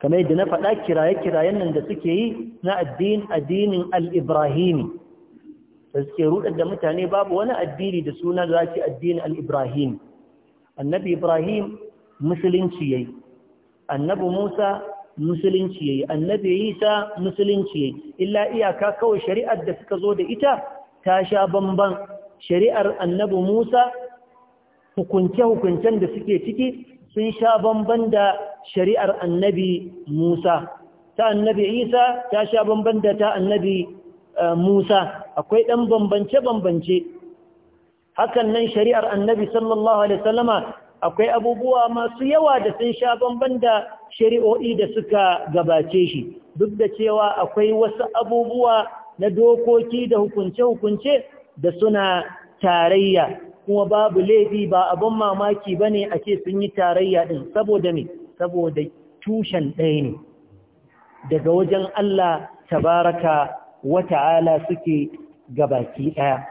kamar yadda na faɗa kiraye-kirayen nan da suke yi na addin addinin al-ibrahimi da suke rudar da mutane babu wani addini da suna za zaci addinin al-ibrahimi annabi ibrahim musulunci yayi annabi musa musulunci yayi annabi isa musulunci yayi illa iyaka kawai shari'ar da suka zo da ita ta sha bamban shari'ar annabi musa hukunce-hukuncen da suke ciki sun sha bamban da shari'ar annabi Musa ta annabi Isa ta sha bamban da ta annabi eh, Musa akwai ɗan bambance-bambance hakan nan shari'ar annabi sallallahu alaihi wasallama akwai abubuwa masu yawa da sun sha bamban da shari'o'i da suka gabace shi duk da cewa akwai wasu abubuwa na dokoki da hukunce-hukunce da suna tarayya kuma babu laifi ba abin mamaki ba ne a ce sun yi tarayya ɗin saboda me saboda tushen ɗaya ne daga wajen Allah tabaraka wata'ala suke gabaki ɗaya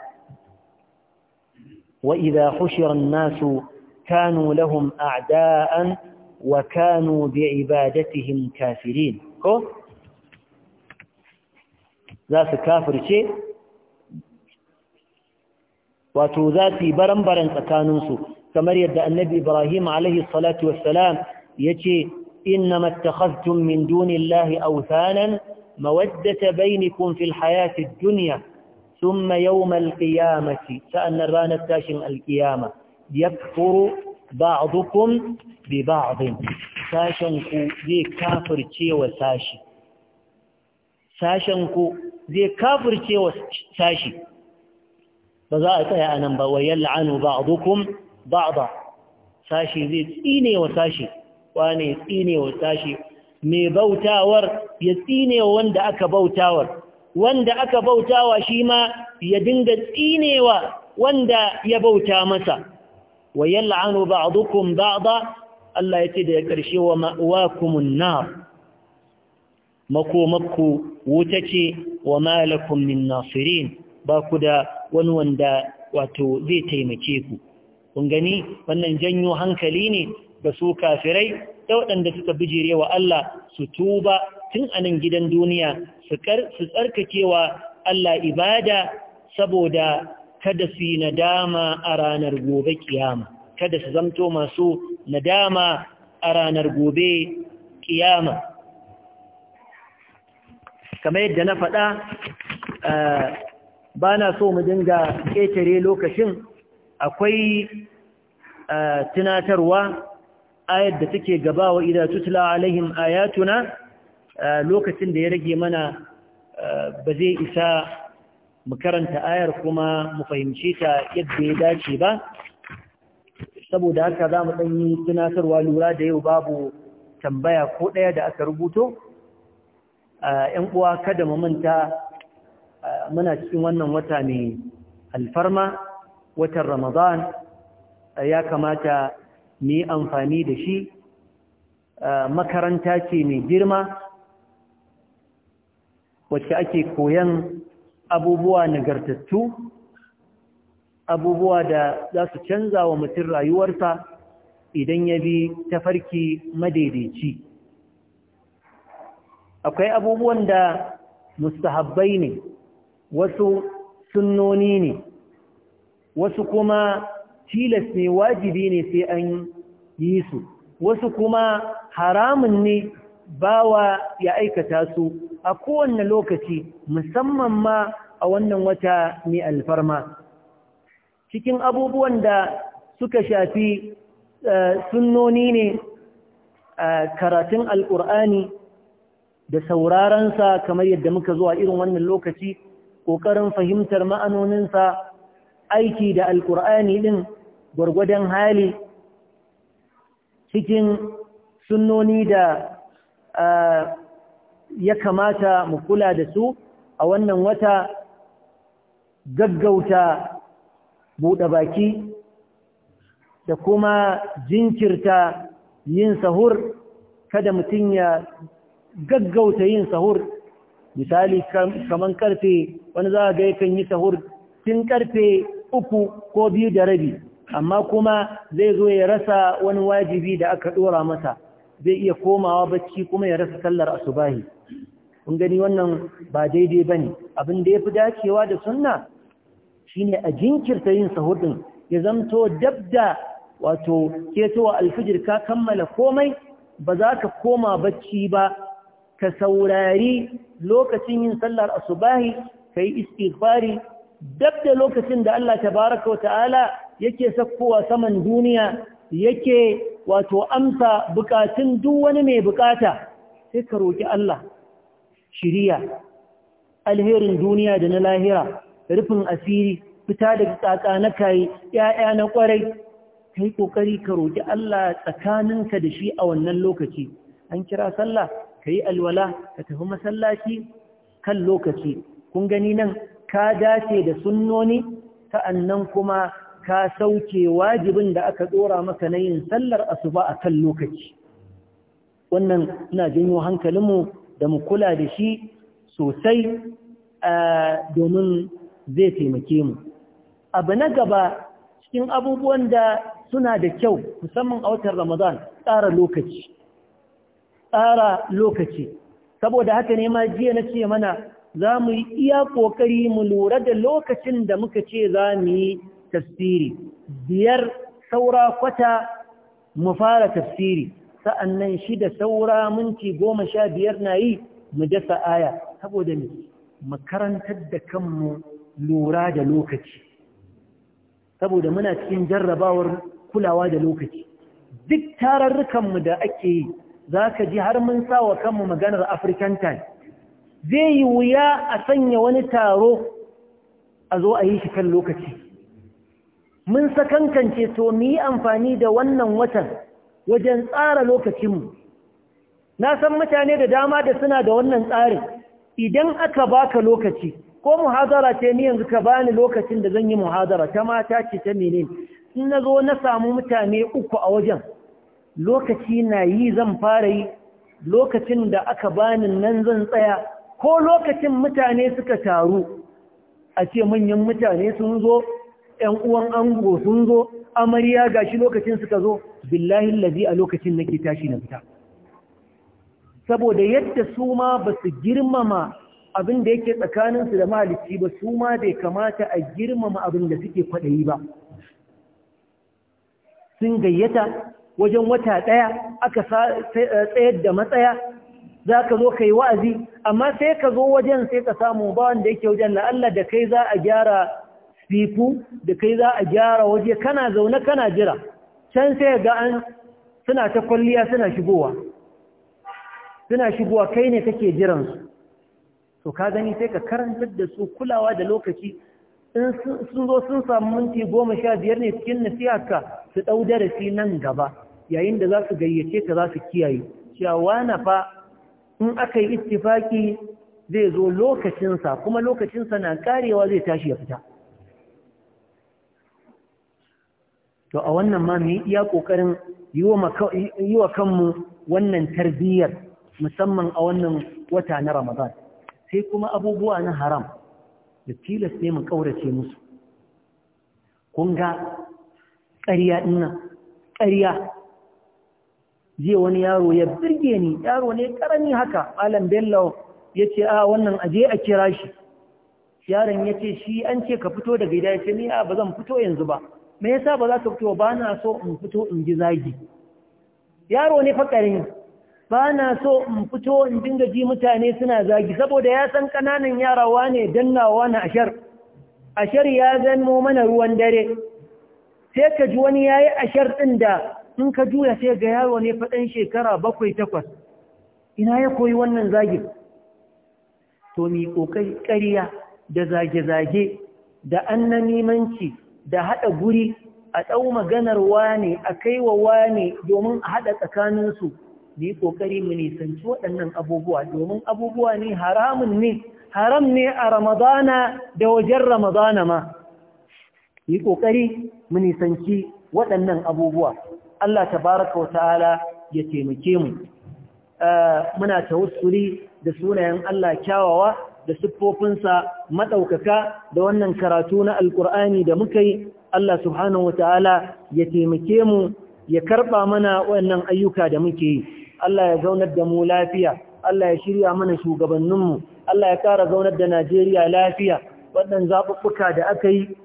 wa idan hushira nasu kanu lahum a'da'an wa kanu bi ibadatihim kafirin ko za su kafirce wato za su yi baran-baran tsakaninsu kamar yadda annabi ibrahim alaihi salatu wassalam ya ce inna mattakhaztum min dunillahi awthanan mawaddata bainakum fil hayati dunya thumma yawm alqiyamati sa'anna ranar tashin alqiyama yakfuru ba'dukum bi ba'd sashen ku zai kafirce wa sashi sashen ku zai kafirce wa sashi ba za a tsaya anan ba wa yal'anu ba'dukum ba'da sashi zai tsine wa sashi wane tsine wa sashi mai bautawar ya tsine wanda aka bautawar wanda aka bautawa shi ma ya dinga tsinewa wanda ya bauta masa wa yal'anu ba'dukum ba'da Allah ya ce da ya karshe wa ma'wakumun nar makomakku wuta ce wa malakum min nasirin ba ku da wani wanda wato zai taimake ku kun gani wannan janyo hankali ne ga su kafirai da waɗanda suka bijire wa Allah su tuba tun a nan gidan duniya su tsarkakewa Allah ibada saboda kada su yi nadama a ranar gobe kiyama kada su zamto masu nadama a ranar gobe kiyama kamar yadda na faɗa eh, ba na so mu dinga ƙetare lokacin akwai tunatarwa ayar da take gaba wa idan tutula alaihim ayatuna lokacin da ya rage mana ba zai isa mu karanta ayar kuma mu fahimci ta yadda ya dace ba saboda haka za mu ɗanyi tunatarwa lura da yau babu tambaya ko ɗaya da aka rubuto ‘yan uwa kada mu manta muna cikin wannan wata ne alfarma watan ramadan ya kamata mu yi amfani da shi makaranta ce mai girma wacce ake koyan abubuwa nagartattu abubuwa da za su canza wa mutum rayuwarsa idan ya bi tafarki madaidaici akwai abubuwan da mustahabbai ne wasu sunnoni ne wasu kuma tilas ne wajibi ne sai an yi su wasu kuma haramun ne bawa ya aikata su a kowane lokaci musamman ma a wannan wata mai alfarma cikin abubuwan da suka shafi eh, sunnoni ne eh, karatun alƙur'ani da saurarensa kamar yadda muka a irin wannan lokaci ƙoƙarin fahimtar ma'anoninsa aiki da alƙur'ani ɗin gwargwadon hali cikin sunnoni da ya kamata mu kula da su a wannan wata gaggauta buɗe baki da kuma jinkirta yin sahur kada mutum ya gaggauta yin sahur misali kamar karfe wani za ga yakan yi sahur tun karfe uku ko biyu da rabi amma kuma zai zo ya rasa wani wajibi da aka dora masa zai iya komawa bacci kuma ya rasa sallar asubahi kun gani wannan ba daidai bane abin da yafi dacewa da sunna shine a jinkirta yin sahur din ya zamto dabda wato ketowa alfijir ka kammala komai ba za ka koma bacci ba ka saurari lokacin yin sallar asubahi ka yi istighfari dab da lokacin da Allah tabaraka ta'ala yake sakkowa saman duniya yake wato amsa bukatun duk wani mai bukata sai ka roƙi Allah shiriya alherin duniya da na lahira rufin asiri fita daga tsaka na kai ‘ya'ya na ƙwarai Kai ƙoƙari ka roƙi Allah tsakaninka da shi a wannan lokaci an kira sallah ka yi alwala ka tafi masallaci kan lokaci kun gani nan ka dace da sunnoni sa'annan kuma ka sauke wajibin da aka tsora maka na yin sallar asuba a kan lokaci wannan ina janyo hankalinmu da mu kula da shi sosai domin zai taimake mu abu na gaba cikin abubuwan da suna da kyau musamman a watan ramadan tsara lokaci tsara lokaci saboda haka ne ma jiya na ce mana za mu yi iya ƙoƙari mu lura da lokacin da muka ce za mu yi tafsiri biyar saura kwata mu fara tafsiri sa'annan shida saura minti goma sha biyar na yi mu dasa aya saboda ne makarantar da kanmu lura da lokaci saboda muna cikin jarrabawar kulawa da lokaci duk tararrukanmu da ake yi za ka ji har mun sa wa kanmu maganar african time zai yi wuya a sanya wani taro a zo a yi shi kan lokaci mun sakankance to mu yi amfani da wannan watan wajen tsara lokacinmu na san mutane da dama da suna da wannan tsarin idan aka baka lokaci ko muhazara ce ni yanzu ka bani lokacin da zan yi muhazara ta mata ce ta menene in na zo na samu mutane uku a wajen lokaci na yi zan fara yi lokacin da aka bani nan zan tsaya ko lokacin mutane suka taru a ce manyan mutane sun zo ‘yan uwan ango sun zo amarya gashi lokacin suka zo billahi lazi a lokacin nake tashi na fita saboda yadda su ma ba su girmama abin da yake tsakaninsu da mahalicci ba su ma bai kamata a girmama abin da suke kwaɗayi ba sun gayyata wajen wata ɗaya aka eh, tsayar da matsaya za ka zo ka yi wa'azi amma sai ka zo wajen sai ka samu ba wanda yake wajen Allah da kai za a gyara sifu da kai za a gyara waje kana zaune kana jira can sai ga an suna ta kwalliya suna shigowa suna shigowa kai ne kake jiransu to ka gani sai ka karantar da su kulawa da lokaci in sun zo sun samu minti goma sha biyar ne cikin nasiha ka su ɗau darasi nan gaba yayin da za su gayyace ka za su kiyaye cewa na fa in aka yi ittifaki zai zo lokacinsa kuma lokacinsa na karewa zai tashi ya fita to a wannan ma mu iya kokarin yi wa kanmu wannan tarbiyyar musamman a wannan wata na Ramadan sai kuma abubuwa na haram da tilas ne mu ƙaurace musu kun ga ƙarya dinnan ƙarya jiya wani yaro ya birge ni yaro ne karami haka malam bello ya ce a ah, wannan aje a kira shi yaron ya ce shi an ce ka fito daga gida ya ce ni a ah, ba zan fito yanzu ba me yasa ba za ka fito ba na so in fito in ji zagi yaro ne fakarin ba na so in fito in dinga ji mutane suna zagi saboda ya san kananan yarawa ne dannawa na ashar ashar ya zamo mana ruwan dare sai ka ji wani yayi ashar ɗin da in ka juya sai ga yaro ne faɗin shekara bakwai takwas ina ya koyi wannan zagin to mi ƙoƙari ƙariya da zage-zage da nemanci da haɗa guri a ɗau maganar wane a kaiwa wane domin a haɗa tsakaninsu mi ƙoƙari mu nisanci waɗannan abubuwa domin abubuwa ne haramun ne haram ne a ramadana da wajen ramadana ma yi ƙoƙari mu nisanci waɗannan abubuwa Allah tabaraka wa ta'ala ya taimake mu eh, muna tawassuli da sunayen Allah kyawawa da siffofinsa madaukaka da wannan karatu na alkur'ani da muka yi Allah subhanahu wa ta'ala ya taimake mu ya karba mana wannan ayyuka da muke yi Allah ya zaunar da mu lafiya Allah ya shirya mana shugabanninmu Allah ya kara zaunar da Najeriya lafiya waɗannan zaɓuɓɓuka da aka yi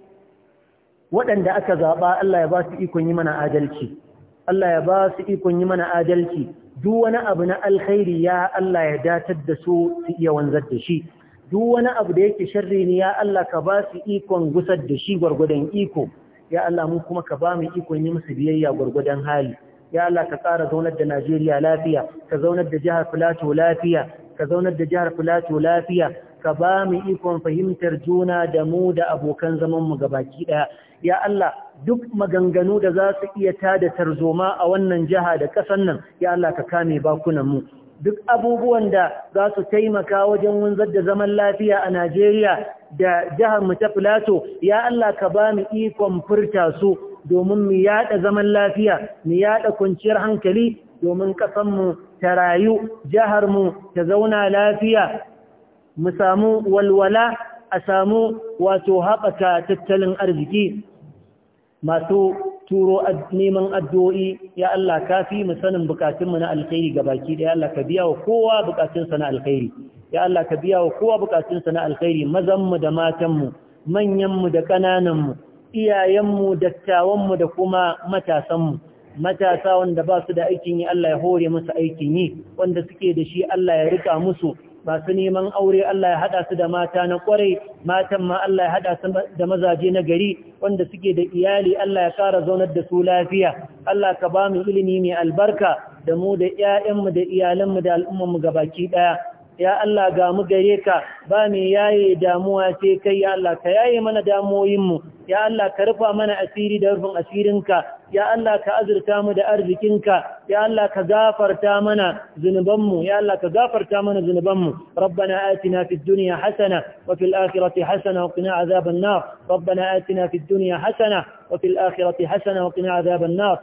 waɗanda aka zaɓa Allah ya ba su ikon yi mana adalci Allah ya ba su ikon yi mana adalci duk wani abu na alkhairi ya Allah ya datar da su su iya wanzar da shi duk wani abu da yake sharri ne ya Allah ka ba su ikon gusar da shi gwargwadon iko ya Allah mu kuma ka ba mu ikon yi musu biyayya gwargwadon hali ya Allah ka kara zaunar da Najeriya lafiya ka zaunar da jihar Filato lafiya ka zaunar da jihar Filato lafiya ka ba mu ikon fahimtar juna da mu da abokan zamanmu gabaki ɗaya. Ya Allah, duk maganganu da za su iya tada tarzoma a wannan jiha da ƙasan nan, ya Allah ka kame bakunanmu. Duk abubuwan da za su taimaka wajen wanzar da zaman lafiya a Najeriya da jihar mu ta Filato, ya Allah ka ba mu ikon furta su domin mu yaɗa zaman lafiya, mu yaɗa kwanciyar hankali domin ƙasanmu ta rayu, jiharmu ta zauna lafiya, mu samu walwala a samu wato haɓaka tattalin arziki masu turo neman addu'o'i ya Allah kafi mu sanin bukatunmu na alkhairi ga baki da ya Allah ka biya wa kowa bukatunsa na alkhairi ya Allah ka biya wa kowa bukatunsa na alkhairi mazanmu da matanmu manyanmu da ƙanananmu iyayenmu dattawanmu da kuma matasanmu matasa wanda ba su da aikin yi Allah ya hore musu aikin yi wanda suke da shi Allah ya rika musu masu neman aure Allah ya haɗa su da mata na ƙwarai matan ma Allah ya haɗa su da mazaje na gari wanda suke da iyali Allah ya ƙara zaunar da su lafiya Allah ka ba mu ilimi mai albarka da mu da 'ya'yanmu da iyalanmu da ga gabaki ɗaya ya Allah ga mu gare ka ba mai yaye damuwa sai kai ya Allah ka yaye mana damuwoyinmu ya Allah ka rufa mana asiri da rufin asirinka ya Allah ka azurta mu da arzikinka ya Allah ka gafarta mana zunubanmu ya Allah ka gafarta mana zunubanmu rabbana atina fid dunya hasana wa fil akhirati hasana wa qina adhaban nar rabbana atina fid dunya hasana wa fil akhirati hasana wa qina nar